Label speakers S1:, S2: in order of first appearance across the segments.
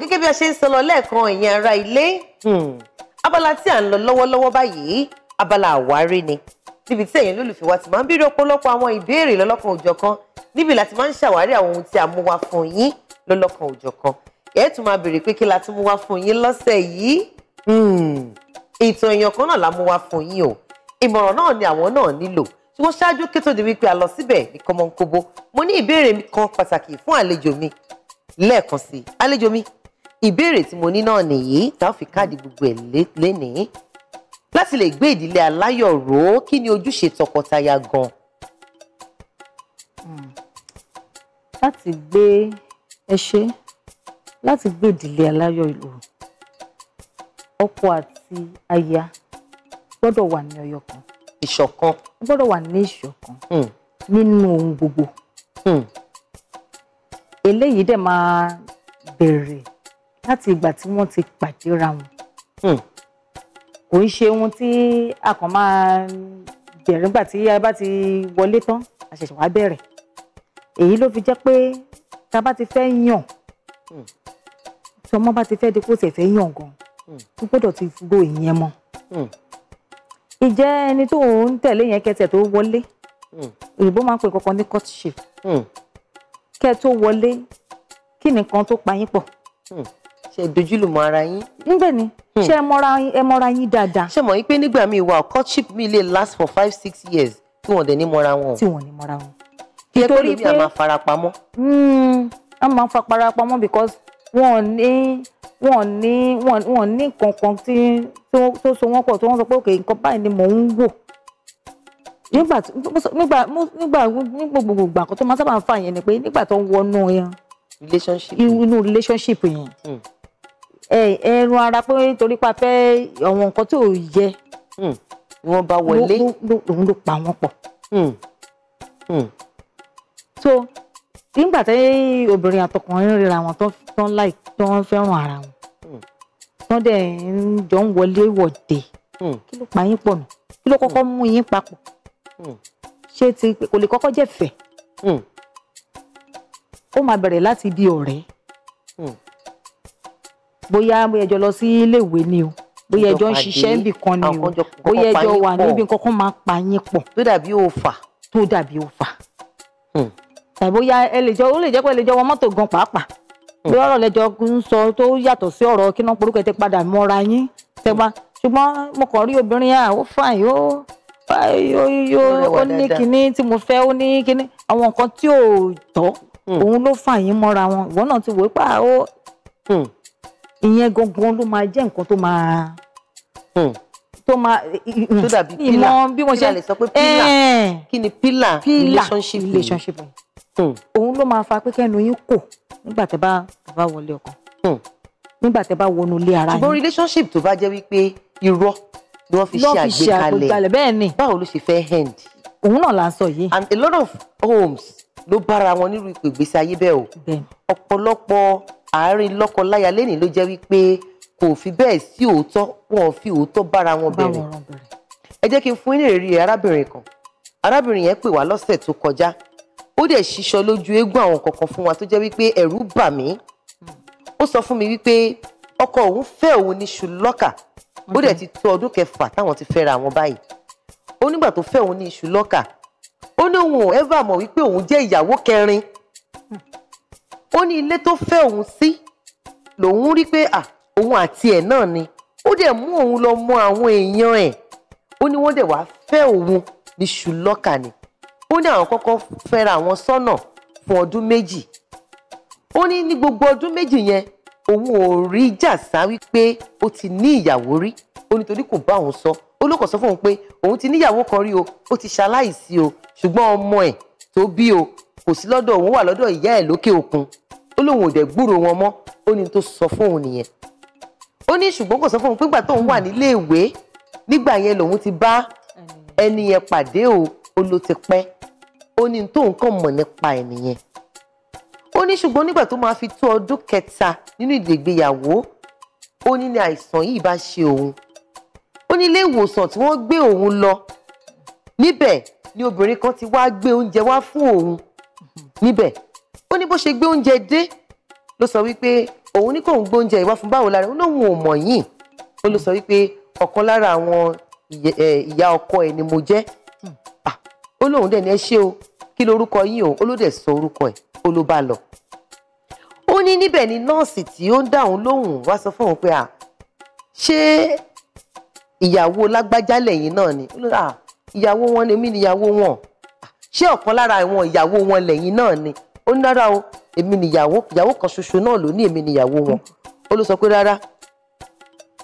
S1: gẹ́gẹ́ bí a ṣe ń sọ lọ lẹ́ẹ̀kan ìyẹn ara ilé hmm. abala tí à ń lọ lọ́wọ́lọ́wọ́ báyìí abala àwárí ni níbi tí ẹ̀yin lólùfẹ́ wa ti máa ń bèrè ọ̀pọ̀lọpọ̀ àwọn ìbéèrè lọ́lọ́kan òjọ̀kan níbi láti máa ń ṣàwárí àwọn ohun tí a mú wá fún yín lọ́lọ́kan òjọ̀kan ẹ̀ tún máa bèrè pé kí la tún mú wá fún yín lọ́sẹ̀ yìí ìtàn hmm. èèyàn kan náà la mú wá fún yín o ìmọ̀ràn náà ni àwọn náà nílò ṣùgbọ́n ṣáájú kí tó di wípé a lọ síbẹ̀ ní kọ́mọ́nkóbó mo ní ìbéèrè kan pàtàkì fún àlejò mi lẹ́ẹ̀kan sí i àlejò mi ìbéèrè tí mo ní náà nìyí tá a fi káàdì gbogbo ẹ̀ lénìí láti lè gbé ìdílé aláyọ̀ ró kí ni ojúṣe tọkọtaya gan. Hmm. láti gbé ẹ
S2: ṣe láti gbé ìdílé aláyọ̀ ró ọkọ àti aya gbọ́dọ̀ wà ní ọyọ̀ kan. ìṣọ̀kan. gbọ́dọ̀ wà ní ìṣọ̀kan. Hmm. nínú ohun gbogbo. Hmm eléyìí dẹ̀ máa bẹ̀rẹ̀ láti ìgbà tí wọ́n ti pàdéra wọn hmm. kò ń ṣe ohun tí a kàn máa bẹ̀rẹ̀ nígbà tí a bá ti wọlé tán a ṣẹ̀ṣẹ̀ wá bẹ̀rẹ̀ èyí ló fi jẹ́ pé tá bá ti fẹ́ yàn hmm. tí ọmọ bá ti fẹ́ di kó tiẹ̀ fẹ́ yàn gan hmm. ó gbọ́dọ̀ ti ro ìyẹn mọ́ ìjẹ́ ẹni tó ń tẹ̀lé yẹn kẹsẹ̀ tó wọlé òyìnbó máa ń pè kankan ní courtship kẹ́ ẹ tó wọlé kí nìkan tó pa yín pọ̀.
S1: Hmm. ṣe dojúlùmọ̀ ara yín.
S2: ńbẹ̀ ni hmm. ṣe ẹ mọra yín dáadáa. ṣe
S1: mọ̀ wípé nígbà míì wà courtship mi lè last for five six years tí wọ́n dẹ̀ ní mọ́ra wọn. tí wọ́n ní mọ́ra wọn. kí ẹ pé lómi àmà farapamọ́.
S2: Hmm, a máa ń farapamọ́ because wọ́n ní wọ́n ní wọ́n ní nǹkan kan tó so wọ́n pọ̀ tó wọ́n sọ pé òkè nǹkan báyìí ni mò ń wò nígbà nígbà nígbà gbogbo gbà kan tó máa sábà ń fà yẹn ni pé nígbà tó ń wọnú inú relationship yẹn hmm. ẹran ara pé nítorí pa pé àwọn nǹkan tó yẹ hmm. wọn bá wọlé òun ló pa wọn pọ̀ hmm. so nígbà tí obìnrin àtọkùnrin ríra wọn tó ń láì tó ń fẹ́ràn ara wọn tó dẹ̀ ń jọ ń wọlé wọ̀de kí ló pa yín pọ̀ nù kí ló kọ́kọ́ mú yín papọ̀. Hmm. ṣé ti kò lè kọ́kọ́ jẹ́ fẹ́ hmm. ó máa bẹ̀rẹ̀ láti ibi ọ̀rẹ́ hmm. bóyá ẹjọ́ lọ sí iléèwé ni o bóyá ẹjọ́ ń ṣiṣẹ́ níbì kan ni o bóyá ẹjọ́ wà níbi kankan máa pa yín
S1: pọ̀ tó dàbí òòfà
S2: tó dàbí òòfà tàbí bóyá ẹ lè jọ ó lè jẹ́ pé ẹ lè jọ wọ mọ́tò gan pàápàá bóyá ọ̀rọ̀ lẹ́jọ́ ń sọ tó yàtọ̀ sí ọ̀rọ̀ kí náà porúkọ ẹ ti padà mọ́ra yín tẹ́gbá ṣùgbọ́n mo kàn rí obìnrin yà ah, ó fàìn ó ó ní kinní tí mo fẹ́ ó ní kinní àwọn nǹkan tí ò tọ́ hmm. òun ló fà yín mọ́ra wọn ìwọ náà ti wò pa ah, ó hmm. ìyẹn gangan ló máa jẹ́ nǹkan tó máa hmm. tó máa tó dàbí pílà ìmọ̀ bí wọ́n ṣe lè sọ pé pílà
S1: eh. kí ni pílà relationship relationship
S2: òun ló máa fa pé kẹ́nu yín kò nígbà tẹ́ bá tẹ́ bá wọlé ọkàn
S1: nígbà tẹ́ bá wọnú ilé ara yín. ṣùgbọ́n relationship tó bá jẹ́ wípé irọ́ ni wọ́n fi ṣe àgbékalẹ̀ bẹ́ẹ̀ ni báwo ló ṣe fẹ́ end. òun náà là sọ yìí. and a lot of homes ló bára wọn nírú ipò ìgbésí ayé bẹ́ẹ̀ o ọ̀pọ̀lọpọ̀ àárín lọ́kọ-láya lẹ́nìí ló jẹ́ wípé kò fi bẹ́ẹ̀ sí òótọ́ wọn fi òótọ́ bára wọn bẹ̀rẹ̀ ẹ jẹ́ kí n fún yín ìrírí arábìnrin kan arábìnrin yẹn pè wá lọ́sẹ̀ tó kọjá ó dẹ̀ ṣiṣọ lójú eégún àwọn kankan fún wa tó jẹ́ wípé ẹ̀rù bà mí hmm. ó sọ fún mi wípé ọkọ òun fẹ́ òun ní ṣùlọ́kà ó dẹ̀ ti tó ọdún kẹfà táwọn ti fẹ́ra wọn báyìí ó nígbà tó fẹ́ òun ní ṣùlọ́kà ó ní òun ò ẹ́fà mọ̀ wípé òun jẹ́ ìyàwó kẹrin ó ní ilé tó fẹ́ òun sí lòun rí pé à òun àti ẹ̀ náà ni ó dẹ̀ mú òun lọ mọ àwọn èèyàn ẹ̀ ó ní wọ́n dẹ̀ wá fẹ́ òun ní ṣùlọ́kà ni ó ní àwọn kọ́kọ́ fẹ́ra àwọn sọ́nà fún ọdún méjì ó ní ní gbogbo ọdún méjì yẹn òun ò rí jàsá wípé ó ti ní ìyàwó rí ó nítorí kò bá òun sọ ó lókọ̀ sọ fóun pé òun ti níyàwó kan rí o ó ti ṣaláìsí o ṣùgbọ́n ọmọ ẹ̀ tó bí o kò sí lọ́dọ̀ òun wà lọ́dọ̀ ìyá ẹ̀ lókè òkun ó lóun ò dẹ̀ gbúrò wọn mọ́ ó ní tó sọ fóun nìyẹn ó ní ṣùgbọ́n kò sọ fóun pé nígbà tóun wà nílé ìwé nígbà yẹn lòun ti bá ẹni yẹn pàdé o ó ló ti pẹ́ ó ní tóun kàn mọ̀ nípa ẹ̀ nìyẹn ó ní ṣùgbọ́n nígbà tó máa fi tó ọdún kẹta nínú ìgbéyàwó ó ní ní àìsàn yìí bá ṣe òun ó ní ilé ìwòsàn tí wọ́n gbé òun lọ níbẹ̀ ni obìnrin kan ti wá gbé oúnjẹ wá fún òun níbẹ̀ ó ní bó ṣe gbé oúnjẹ dé ló sọ wípé òun ní kò ń gbóúnjẹ ìwá fún báwo lára òun lòun ò mọ̀ yìí ó ló sọ wípé ọ̀kan lára àwọn ìyá ọkọ ẹ̀ ni mo jẹ́ hmm. ah, ó lóun dẹ̀ ní ẹ ṣé o kí lorúkọ yín o ó ló dẹ̀ sọ orúkọ ẹ̀ ó ló ó ní níbẹ̀ ni nọ́ọ̀sì tí ó ń dá òun lóhùn wá sọ fún òun pé à ṣé ìyàwó lágbájá lẹ́yìn náà ni à ìyàwó wọn ni èmi níyàwó wọn ṣé ọ̀kan lára àwọn ìyàwó wọn lẹ́yìn náà ni ó ní rárá o èmi níyàwó ìyàwó kan ṣoṣo náà ló ní èmi níyàwó wọn ó ló sọ pé rárá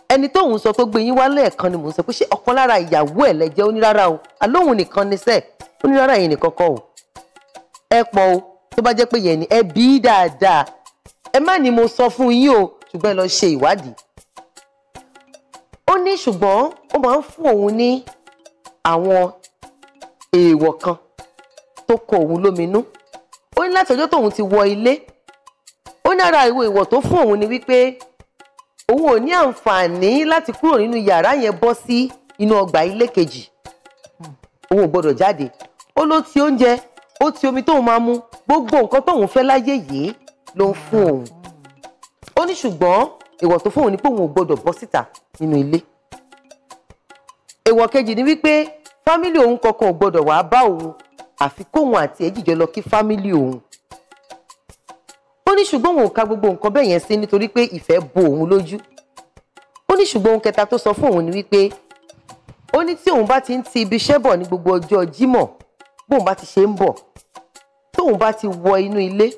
S1: ẹni tóun sọ tó gbé wá lẹ́ẹ̀kan ni mò ń sọ pé ṣé ọ̀kan lára ìyàwó ẹ̀ lẹ́jẹ́ ó ní rárá o àlóhùn nìkan ni sẹ́ẹ̀ ó ní rárá ẹ̀yin nìkan kọ́ o ẹ pọ̀ o tó bá jẹ́ pé yẹn ni ẹ bí dáadáa ẹ má ní mo sọ fún yín o ṣùgbọ́n ẹ lọ ṣe ìwádìí. ó ní ṣùgbọ́n ó máa ń fún òun ní àwọn èèwọ̀ kan tó kọ òun lóminú ó ní láti ọjọ́ tóun ti wọ ilé ó ní ara ìwé ìwọ̀ tó fún òun ni wípé òun ò ní àǹfààní láti kúrò nínú yàrá yẹn bọ́ sí inú ọgbà ilé kejì òun ò gbọdọ̀ jáde ó ló ti oúnjẹ ó ti omi tóun máa mu gbogbo nǹkan tóun fẹ́ láyé yìí ló ń fún òun ó ní ṣùgbọ́n èèwọ̀ tó fóun ni pé òun ò gbọdọ̀ bọ́ síta nínú ilé èèwọ̀ kejì ni wípé fámílì òun kankan ò gbọdọ̀ wàá bá òun àfi kóun àti ẹ̀ jíjọ lọ kí fámílì òun ó ní ṣùgbọ́n òun ò ka gbogbo nǹkan bẹ́ẹ̀ yẹn sí nítorí pé ìfẹ́ bo òun lójú ó ní ṣùgbọ́n ohun kẹta tó sọ fún òun ni wípé ó ní tí òun bá ti ń ti ibi bọ̀ ní gbogbo ọjọ́ Jímọ̀ bóun bá ti ṣe ń bọ̀ tóun bá ti wọ inú ilé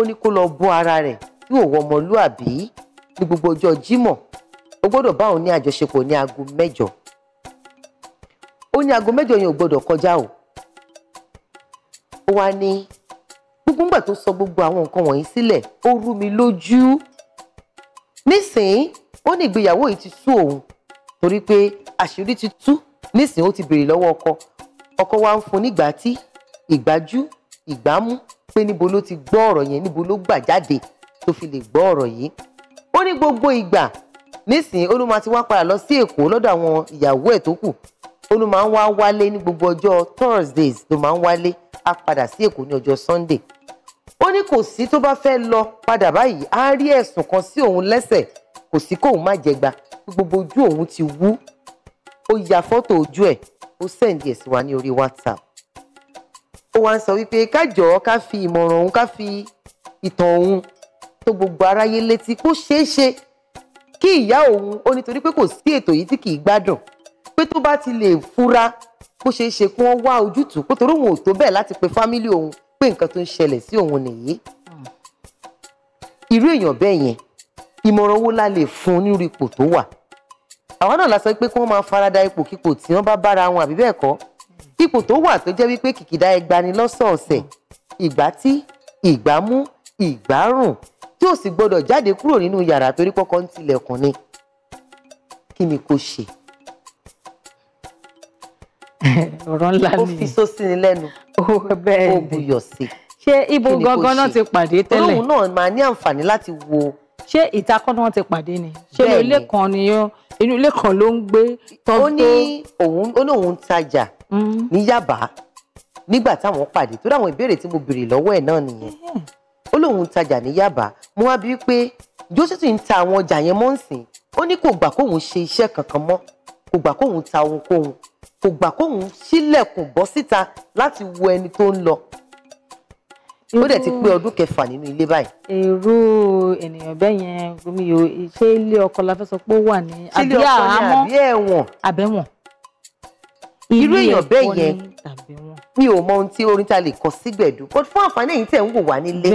S1: ó ní kó lọ bọ́ ara rẹ̀ yóò wọ ọmọlúàbí ní gbogbo ọjọ́ Jímọ̀ ó gbọ́dọ̀ bá òun ní àjọṣepọ̀ ní aago mẹ́jọ ó ní aago mẹ́jọ yẹn ò gbọ́dọ̀ kọjá o ó wá ní gbogbo ńgbà tó sọ gbogbo àwọn nǹkan wọ̀nyí sílẹ̀ ó rú mi lójú nísìnyí ó ní ìgbéyàwó yìí ti sú òun torí pé àṣírí ti tú nísìnyí ó ti béèrè lọ́wọ́ ọkọ ọkọ wa ń fún nígbà tí ìgbájú ìgbámú pé níbo ló ti gbọ́ ọ̀rọ̀ yẹn níbo ló gbà jáde tó fi lè gbọ́ ọ̀rọ̀ yìí ó ní gbogbo ìgbà nísìnyí olúmọ ti wá padà lọ sí èkó lọ́dọ̀ àwọn ìyàwó ẹ̀ tó kù olúmọ ń wá wálé ní gbogbo ọjọ́ thursdays ló máa ń wálé á padà sí èkó ní ọjọ́ sunday ó ní kò sí tó bá fẹ́ lọ padà báyìí á rí ẹ̀sùn kan sí òun lẹ́sẹ̀ kò sí kóun má jẹgba gbogbo ojú òun ti wú ó ya fọ́tò ojú ẹ̀ ó sẹ́ǹdì ẹ̀ sí wa ní orí whatsapp ó wá ń sọ wípé ká jọ̀ọ́ ká fi ìmọ̀ràn òun ká fi ìtàn òun tó gbogbo aráyé létí kó ṣeé ṣe kí ìyá òun ó nítorí pé kò sí ètò yìí tí kì í gbádùn pé tó bá ti lè fura kó ṣeé ṣe kí wọ́n wá ojútùú kó torí òun ò tó bẹ́ẹ̀ láti pe fámílì òun pé nǹkan tó ń ṣẹlẹ̀ sí òun nìyí irú èèyàn bẹ́ẹ̀ yẹn ìmọ̀ràn wo la lè fún nírú ipò tó wà àwọn náà la sọ pé kí wọ́n máa farada ipò kípò tí wọ́n bá bára wọn àbí bẹ́ẹ̀ kọ́ ipò tó wà tó jẹ́ wípé kìkìdá ẹgbani lọ́sọ̀ọ̀sẹ̀ ìgbà tí ìgbà mú ìgbà rùn tí ò sì gbọdọ̀ jáde kúrò nínú yàrá torí kọ́kọ́ ń tilẹ̀kùn ni kí ni kò ṣe. ọ̀rọ̀ ńlá ni ó fi só sí lẹ́nu ó buyọ̀ sí.
S2: ṣé ibo gangan náà ti
S1: pàdé tẹ́lẹ̀ olóhùn náà máa ní àǹfààní láti wo. ṣé
S2: ìta kọ́ ni wọ́n ti pàdé ni ṣé ilé kan ni
S1: inú ilé kan ló ń gbé tọ́jú. ó ní òun ó ní òun tajà Mm. ní Yaba nígbà táwọn pàdé tó dáwọn ìbéèrè tí mo béèrè lọ́wọ́ ẹ̀ náà nìyẹn mm-hmm. ó lóun tajà ní Yaba mo wá bíi pé Joseph ń ta àwọn ọjà yẹn mọ́ ń sìn ó ní kò gbà kóun ṣe iṣẹ́ kankan mọ́ kò gbà kóun ta ohunkóhun kò gbà kóun sílẹ̀kùn bọ́ síta láti wo ẹni tó ń lọ ó dẹ̀ ti pé ọdún kẹfà nínú ilé báyìí.
S2: èrò ènìyàn bẹ́ẹ̀ yẹn gómìnà ṣé ilé ọkọ la fẹ́ sọ pé ó wà ní àbí àhámọ́ àbí irú èèyàn bẹ́ẹ̀ yẹn
S1: mi ò mọ ohun tí orin ta lè kọ sí gbẹ̀dú kó fún àǹfààní èyí tẹ̀ ń wò wá nílé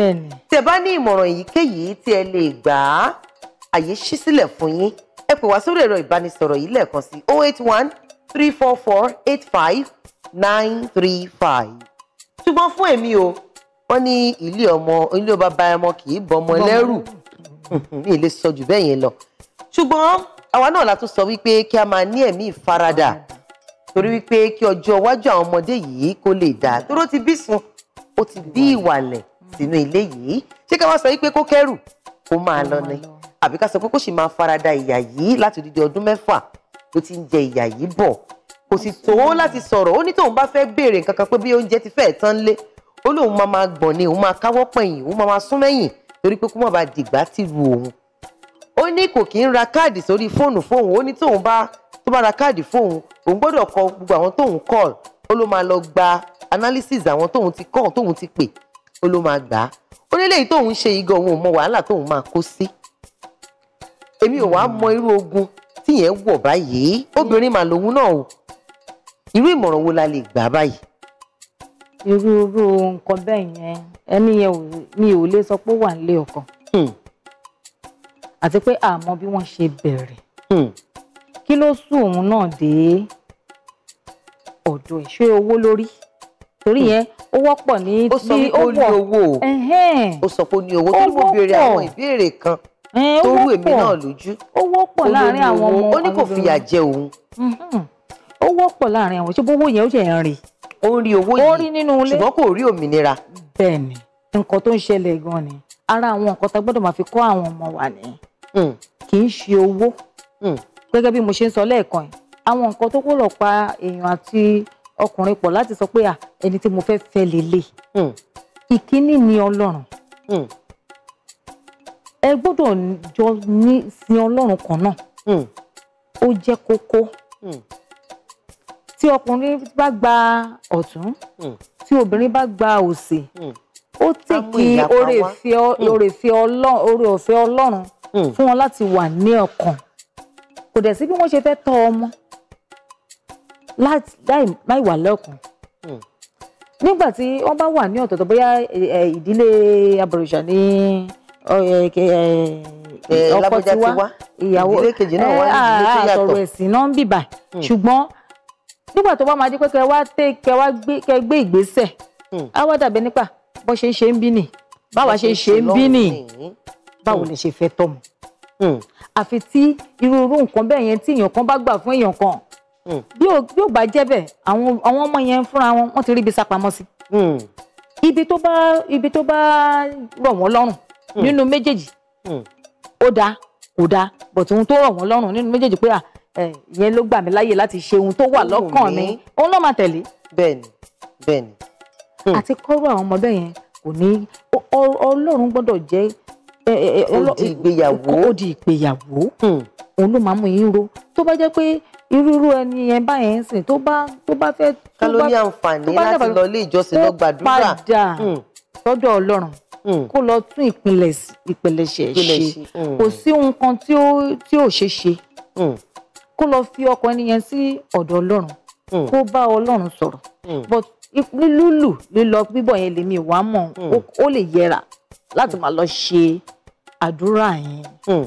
S1: tẹ̀ bá ní ìmọ̀ràn èyíkéyìí tí ẹ lè gbà á àyè ṣí sílẹ̀ fún yín ẹ pè wá sórí ẹ̀rọ ìbánisọ̀rọ̀ yìí lẹ́ẹ̀kan sí oh eight one three four four eight five nine three five ṣùgbọ́n fún èmi o wọ́n ní ilé ọmọ ilé ọba bá ọmọ kì í bọ́ ọmọ ẹlẹ́rù mi ì lè sọ jù bẹ́ẹ̀ yẹn lọ ṣùgbọ́n àwa náà la tún sọ wípé kí a máa ní ẹ̀mí ìfaradà torí wípé kí ọjọ́ iwájú àwọn ọmọdé yìí kó lè dáa tóró ti bí sun ó ti bí ìwàlẹ̀ hmm. sínú ilé yìí ṣé ká wá sọ wípé kó kẹ́rù kó máa lọ ni àbí ká sọ pé kó sì máa farada ìyà yìí láti odidi ọdún mẹ́fà tó ti ń jẹ ìyà yìí bọ̀ kò sì tó láti sọ̀rọ̀ ó ní tóun bá fẹ́ béèrè nǹkan kan pé bí oúnjẹ ti fẹ́ẹ̀ tán lé ó lóun máa máa gbọ̀n ni òun máa káwọ́ pẹ̀yìn òun máa máa sún mẹ́yìn torí pé kó má bàa dìgbà tìrù òun ó ní kò kí ń ra káàdì sórí fóònù fóònù ó ní tóun bá tó bá ra káàdì fóun òun gbọ́dọ̀ kọ gbogbo àwọn tóun call ó ló máa lọ gba analysis àwọn tóun ti call tóun ti pè ó ló máa gbà á ó ní léyìí tóun ṣe igi òun ò mọ wàhálà tóun máa kó sí èmi ò wá mọ irú ogun tíyẹn wọ̀ báyìí obìnrin mà lòun náà o irú ìmọ̀ràn wo la lè gbà báyìí.
S2: irú irú nǹkan bẹ́ẹ̀ yẹn ẹni yẹn mi ò lè sọ pé ó wà nílé ọkọ hmm. àti pé àmọ́ bí wọ́n ṣe bẹ̀rẹ̀ hmm kí ló sún òun náà dé ọ̀dọ̀ ẹ̀ ṣé owó lórí torí yẹn ó wọ́pọ̀ ní bí ó wọ̀
S1: ó sọ pé ó ní owó tó ní mo béèrè àwọn ìbéèrè kan tó rú èmi náà lójú ó wọ́pọ̀ láàrin àwọn ọmọ ó ní kò fìyà jẹ òun
S2: ó wọ́pọ̀ láàrin àwọn ṣùgbọ́n owó yẹn ó jẹ́ ń rìn ó ń rí owó yìí ṣùgbọ́n kò rí òmìnira. bẹ́ẹ̀ni nǹkan tó ń ṣẹlẹ̀ gan ni ara àwọn nǹkan tá a gbọ́dọ̀ máa fi kọ́ àwọn ọmọ wa ni hmm. kì í ṣe owó hmm gẹ́gẹ́ bí mo ṣe ń sọ lẹ́ẹ̀kan yìí àwọn nǹkan tó kúrò pa èèyàn àti ọkùnrin pọ̀ láti sọ pé ẹni tí mo fẹ́ fẹ́ lélẹ̀ hmm. ìkíní ni ọlọ́run hmm. ẹ gbọ́dọ̀ jọ ní sin ọlọ́run kan náà hmm. ó jẹ́ kókó tí ọkùnrin bá gba ọ̀tún tí obìnrin bá gba òsì ó tèkì oore ọ̀fẹ́ ọlọ́run fún wọn láti wà ní ọ̀kan kò dẹ̀ sí bí wọ́n ṣe fẹ́ tọ́ ọmọ láì wà lẹ́kùn hmm. nígbà tí wọ́n bá wà ní ọ̀tọ̀ọ̀tọ̀ bóyá ìdílé abọ̀rìṣà ní ọkọ tiwa ìyàwó ìdílé kejì náà wà ní ìdílé tó yàtọ̀ àtọ̀rọ̀ ẹ̀sìn náà ń bìbà hmm. ṣùgbọ́n nígbà tó bá máa di pé kẹ wá tẹ kẹ wá gbé kẹ gbé ìgbésẹ̀ hmm. á wá dàbẹ̀ nípa ah, bó ṣe ń ṣe ń bí nì báwa ṣe ń ṣe ń bí nì báwo lè ṣe fẹ́ tọ́mọ. Hmm. àfi tí irúurú nǹkan bẹ́ẹ̀ yẹn tí èèyàn kan bá gbà fún èèyàn kan hmm. bí ò bá jẹ́ bẹ́ẹ̀ àwọn ọmọ yẹn fúnra wọn wọ́n ti rí ibi sápamọ́ sí hmm. ibi tó bá ibi tó bá rọ̀ wọ́n lọ́rùn nínú méjèèjì ó dáa kò dáa bọ̀tù ohun tó rọ̀ wọ́n lọ́rùn nínú méjèèjì pé ìyẹn ló gbà mí láàyè láti ṣe ohun tó wà lọ́kàn mi òun náà máa tẹ̀lé. bẹ́ẹ̀ni bẹ́ẹ̀ni. àti kọ́rọ̀ àwọn ọmọ bẹ́ẹ̀ yẹn kò ní ọlọ́run gbọ́dọ̀ jẹ́ ó di ìgbéyàwó ó di ìgbéyàwó hmm. òun ló máa mú yín ró tó bá jẹ́ pé irúurú ẹni yẹn báyẹn ń sìn tó bá tó bá fẹ́. ká ló ní àǹfààní láti lọ ilé ìjọsìn lọ gbàdúrà kó padà sọ́dọ̀ hmm. Ọlọ́run hmm. kó lọ tún ìpìlẹ̀ ìpìlẹ̀ṣẹ̀ ṣe kò sí nǹkan tí ó tí ò ṣe ṣe kó lọ fi ọkàn ẹni yẹn sí ọ̀dọ̀ Ọlọ́run kó bá Ọlọ́run sọ̀rọ̀ but lílùlù lílọ bíbọ̀ yẹn lèmi ìwà mọ̀ ó lè yẹra láti máa lọ ṣe àdúrà yẹn hmm.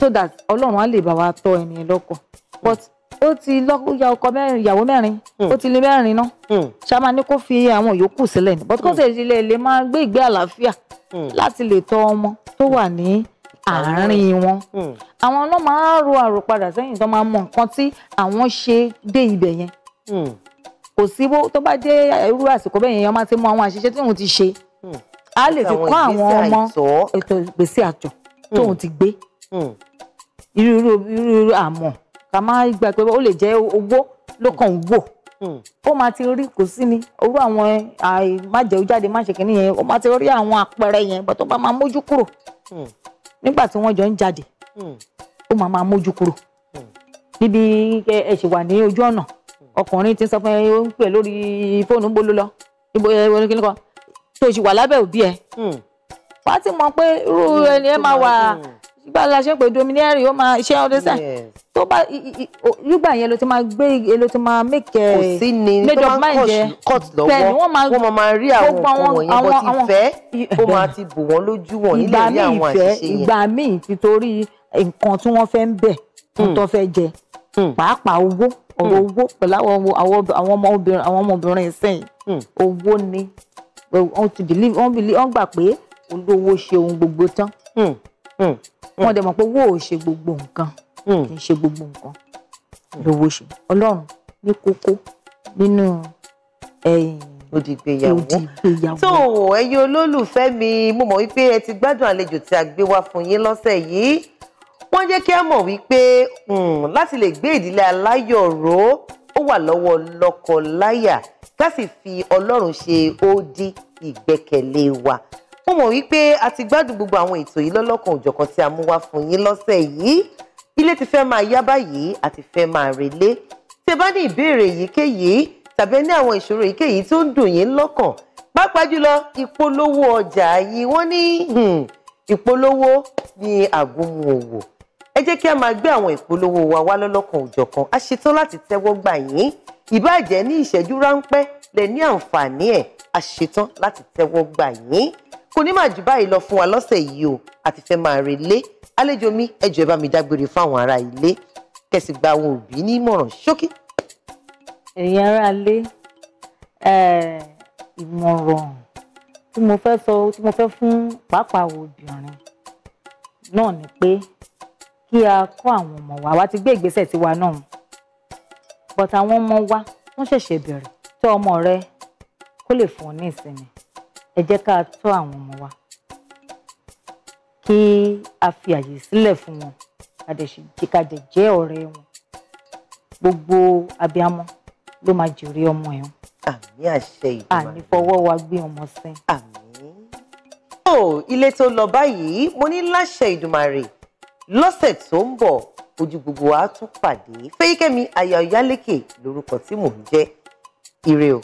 S2: so that ọlọ́run á lè bá wa tọ́ ẹni lọ́kọ̀ hmm. but ó ti lọ́kùyà ọkọ mẹ́rin ìyàwó mẹ́rin hmm. ó ti lé mẹ́rin náà ṣáma ní kó fi àwọn yòókù sílẹ̀ ní but kó tẹ̀sí ilé ilé máa gbé ìgbé àlàáfíà láti lè tọ́ ọmọ tó wà ní àárín wọn àwọn náà máa ń ro àròpadà sẹ́yìn tó máa mọ nǹkan tí àwọn ṣe dé ibẹ̀ yẹn kò sí tó bá dé irú àsìkò bẹ́ẹ̀ yẹn máa ti mú àwọn àṣìṣe tí òun ti ṣe a lè fi kọ́ àwọn
S1: ọmọ ètò ìgbésí àjọ tóun hmm. ti gbé
S2: hmm. irú irú àmọ́ ká má gbà pé ó lè jẹ́ owó ló kàn ń wò hmm. ó máa ti rí kò sí ni orú àwọn àìmájẹ̀wójáde má ṣe kínní yẹn ó máa ti rí àwọn àpẹẹrẹ yẹn bó tó bá máa mójú kúrò nígbà tí wọ́n jọ ń jáde ó máa máa mójú kúrò níbi ẹ wà ní ojú ọ̀nà ọkùnrin ti sọ fún ẹ ó ń pè lórí fóònù ń bolo lọ níbo ẹ wọlé kí ni kan tó ṣì wà lábẹ́ òbí ẹ̀ hmm. wá ti mọ̀ pé irú hmm, ẹni ẹ máa wà nígbà hmm. la ṣe pé domineering ó máa ṣe ọdún sẹ́ẹ̀ tó bá nígbà yẹn ló ti máa gbé e ló ti máa make ẹ̀ eh, made up mind yẹ bẹ́ẹ̀ ni wọ́n máa wọ́n máa rí àwọn nǹkan wọ̀nyẹn bó ti fẹ́ ó máa ti
S1: bò wọ́n lójú wọn nílẹ̀ rí àwọn àṣìṣe yẹn ìgbà
S2: míì títorí nǹkan tí wọ́n fẹ́ ń bẹ̀ tó fẹ́ jẹ pàápàá owó ọ̀rọ̀ owó pẹ̀lú àwọn ọmọ obìnrin àwọn ọmọbìnrin sẹ́yìn owó ni wọ́n ti believe wọ́n believe wọ́n gbà pé olówó ṣe ohun gbogbo tán hmm, hmm, hmm. wọ́n dẹ̀ mọ̀ pé owó ò ṣe gbogbo nǹkan kì í ṣe gbogbo nǹkan lówó ṣe Ọlọ́run
S1: ní kókó nínú òdìgbéyàwó tó ẹ̀yin olólùfẹ́ mi mo mọ̀ wípé ẹ ti gbádùn àlejò tí a gbé wá fún yín lọ́sẹ̀ yìí wọ́n jẹ́ kí a mọ̀ wípé láti lè gbé ìdílé aláyọ̀ ró ó wà lọ́wọ́ lọ́kọ ká sì fi ọlọ́run ṣe odi ìgbẹ́kẹ̀lé wa mo mọ̀ wípé a ti gbádùn gbogbo àwọn ètò yìí lọ́lọ́kan òjọ̀kan tí a mú wá fún yín lọ́sẹ̀ yìí ilé ti fẹ́ máa yá báyìí àti fẹ́ máa relé tí ẹ bá ní ìbéèrè èyíkéyìí tàbí ẹ ní àwọn ìṣòro èyíkéyìí tó ń dùn yín lọ́kàn pàápàá hmm, ẹ jẹ́ kí a máa gbé àwọn ìpolówó wa wá lọ́lọ́kan òjọ̀kan a ṣetán láti tẹ́wọ́ gbà yín ìbàjẹ́ ní ìṣẹ́jú ráńpẹ́ lẹ ní àǹfààní ẹ̀ a ṣetán láti tẹ́wọ́ gbà yín kò ní máa jù báyìí lọ fún wa lọ́sẹ̀ yìí o àti fẹ́ máa relé àlejò mi ẹjọ́ ẹ bá mi dágbére fáwọn ará ilé kẹsì gba àwọn òbí ní ìmọ̀ràn ṣókí.
S2: ẹ̀yin ará ilé ìmọ̀ràn tí mo fẹ́ sọ tí mo fẹ́ fún pàápàá obìnrin náà ni pé kí a kọ́ àwọn ọmọ wa wa ti gbé ìgbésẹ̀ tiwa náà but àwọn ọmọ wa wọ́n ṣẹ̀ṣẹ̀ bẹ̀rẹ̀ tọ́ ọmọ rẹ kó lè fún ọ ní ìsinmi ẹ jẹ́ ká tọ́ àwọn ọmọ wa kí a fi àyè sílẹ̀ fún wọn kàdé jẹ́ ọ̀rẹ́ wọn gbogbo abiamọ ló máa jèrè ọmọ ẹ̀ wọn. àmì
S1: àṣẹ ìdúrà àní
S2: fọwọ́ wa gbé ọmọ sí.
S1: àmì. ó ilé tó lọ báyìí mo ní láṣẹ Ìdùmarè lọ́sẹ̀ tó ń bọ̀ ojú gbogbo wa tún pàdé Fẹ́yíkẹ́mi aya Ọ̀yálékè lórúkọ tí mò ń jẹ́ ire o.